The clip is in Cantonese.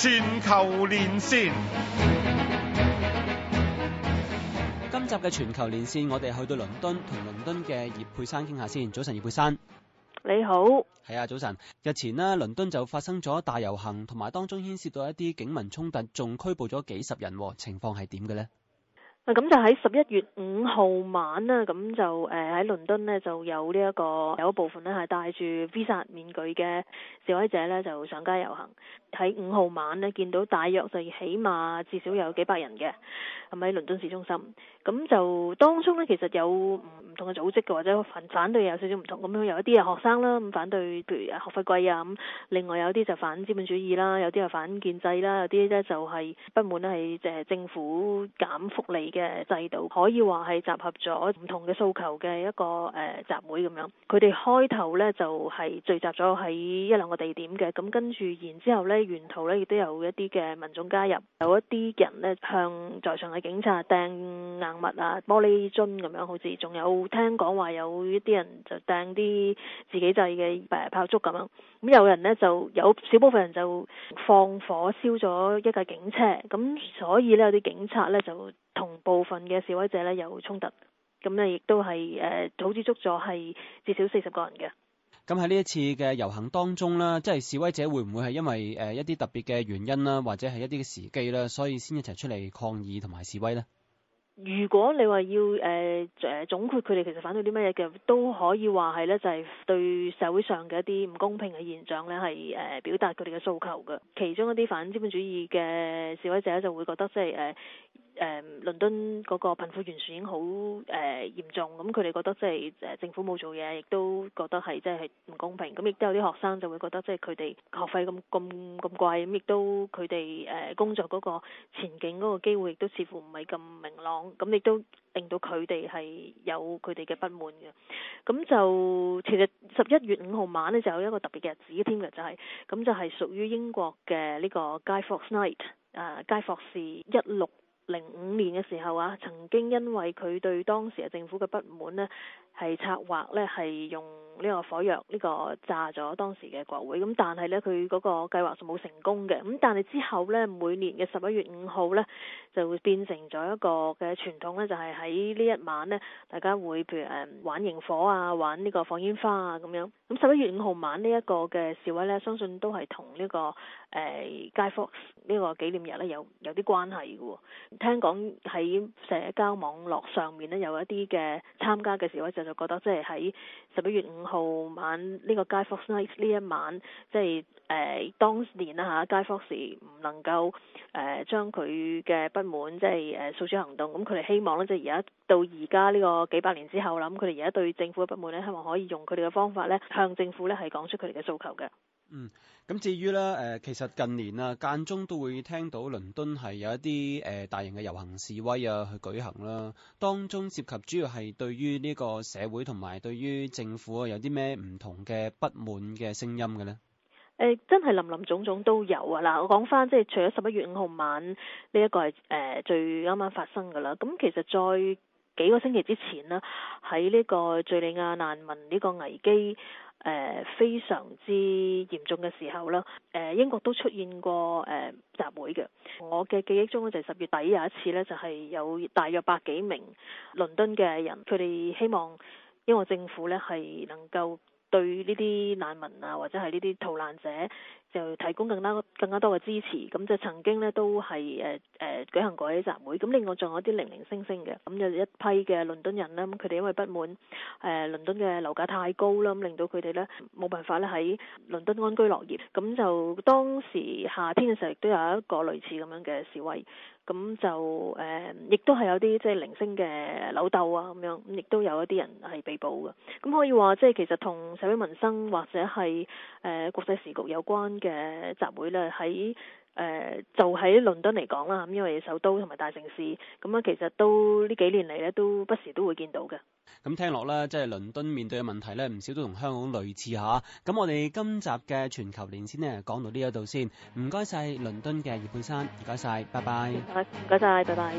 全球連線。 今集嘅全球連線，我哋去到倫敦，同倫敦嘅葉佩珊傾下先。早晨，葉佩珊，你好。係啊，早晨。日前呢，倫敦就發生咗大遊行，同埋當中牽涉到一啲警民衝突，仲拘捕咗幾十人，情況係點嘅呢？咁就喺十一月五號晚啦，咁就誒喺倫敦咧就有呢、這個、一個有一部分咧係戴住 V 字面具嘅示威者咧就上街遊行。喺五號晚咧見到大約就起碼至少有幾百人嘅，咁喺倫敦市中心。咁就當中咧其實有唔唔同嘅組織嘅，或者反反對有少少唔同。咁樣有一啲係學生啦，咁反對譬如學費貴啊，咁另外有啲就反資本主義啦，有啲係反建制啦，有啲咧就係不滿係誒政府減福利。嘅制度，可以話係集合咗唔同嘅訴求嘅一個誒、呃、集會咁樣。佢哋開頭咧就係、是、聚集咗喺一兩個地點嘅，咁跟住然之後咧，沿途咧亦都有一啲嘅民眾加入，有一啲人咧向在場嘅警察掟硬物啊、玻璃樽咁樣，好似仲有聽講話有一啲人就掟啲自己製嘅誒炮竹咁樣，咁有人咧就有少部分人就放火燒咗一架警車，咁所以咧有啲警察咧就。同部分嘅示威者呢，有衝突，咁呢亦都係誒好似捉咗係至少四十個人嘅。咁喺呢一次嘅遊行當中咧，即係示威者會唔會係因為誒一啲特別嘅原因啦，或者係一啲嘅時機啦，所以先一齊出嚟抗議同埋示威呢？如果你話要誒誒、啊、總括佢哋其實反對啲乜嘢嘅，都可以話係呢就係對社會上嘅一啲唔公平嘅現象呢，係誒表達佢哋嘅訴求嘅。其中一啲反資本主義嘅示威者就會覺得即係誒。啊誒、嗯，倫敦嗰個貧富懸殊已經好誒、呃、嚴重，咁佢哋覺得即係政府冇做嘢，亦都覺得係即係唔公平。咁亦都有啲學生就會覺得即係佢哋學費咁咁咁貴，咁亦都佢哋誒工作嗰個前景嗰個機會亦都似乎唔係咁明朗，咁亦都令到佢哋係有佢哋嘅不滿嘅。咁就其實十一月五號晚呢，就有一個特別嘅日子添嘅，就係、是、咁就係屬於英國嘅呢個 Guy Fawkes Night 啊、呃 Guy Fawkes 一六零五年嘅時候啊，曾經因為佢對當時嘅政府嘅不滿咧，係策劃咧，係用呢個火藥呢個炸咗當時嘅國會，咁但係咧，佢嗰個計劃就冇成功嘅。咁但係之後咧，每年嘅十一月五號咧，就會變成咗一個嘅傳統咧，就係喺呢一晚咧，大家會譬如誒玩營火啊，玩呢個放煙花啊咁樣，咁十一月五號晚呢一個嘅示威咧，相信都係同呢個誒 Guy Fawkes 呢個紀念日咧有有啲關係嘅。哦、聽講喺社交網絡上面咧，有一啲嘅參加嘅示威就覺得即係喺十一月五號晚呢，這個 Guy Fawkes Night 呢一晚，即係誒、呃、當年啦嚇 Guy Fawkes 時，唔能夠誒將佢嘅不滿即係誒訴諸行動。咁佢哋希望咧，即係而家到而家呢個幾百年之後啦，咁佢哋而家對政府嘅不滿咧，希望可以用佢哋嘅方法呢，向政府呢係講出佢哋嘅訴求嘅。嗯，咁至於咧，誒，其實近年啊，間中都會聽到倫敦係有一啲誒大型嘅遊行示威啊去舉行啦，當中涉及主要係對於呢個社會同埋對於政府啊有啲咩唔同嘅不滿嘅聲音嘅咧。誒，真係林林總總都有啊！嗱，我講返即係除咗十一月五號晚呢一個係誒最啱啱發生㗎喇，咁其實再。幾個星期之前啦，喺呢個敍利亞難民呢個危機誒、呃、非常之嚴重嘅時候啦，誒、呃、英國都出現過誒、呃、集會嘅。我嘅記憶中就係十月底有一次咧，就係有大約百幾名倫敦嘅人，佢哋希望英國政府咧係能夠，對呢啲難民啊，或者係呢啲逃難者，就提供更加更加多嘅支持。咁就曾經呢都係誒誒舉行過一集會。咁另外仲有啲零零星星嘅，咁有一批嘅倫敦人呢，咁佢哋因為不滿誒、呃、倫敦嘅樓價太高啦，咁令到佢哋呢冇辦法咧喺倫敦安居樂業。咁就當時夏天嘅時候，亦都有一個類似咁樣嘅示威。咁就誒、嗯，亦都係有啲即係零星嘅扭鬥啊，咁樣，亦都有一啲人係被捕嘅。咁、嗯、可以話，即係其實同社會民生或者係誒、呃、國際時局有關嘅集會咧，喺誒、呃、就喺倫敦嚟講啦，咁因為首都同埋大城市，咁、嗯、樣其實都呢幾年嚟咧，都不時都會見到嘅。咁聽落咧，即係倫敦面對嘅問題咧，唔少都同香港類似吓。咁我哋今集嘅全球連線咧，講到呢一度先。唔該晒倫敦嘅葉佩珊，唔該晒，拜拜。唔該，唔該晒，拜拜。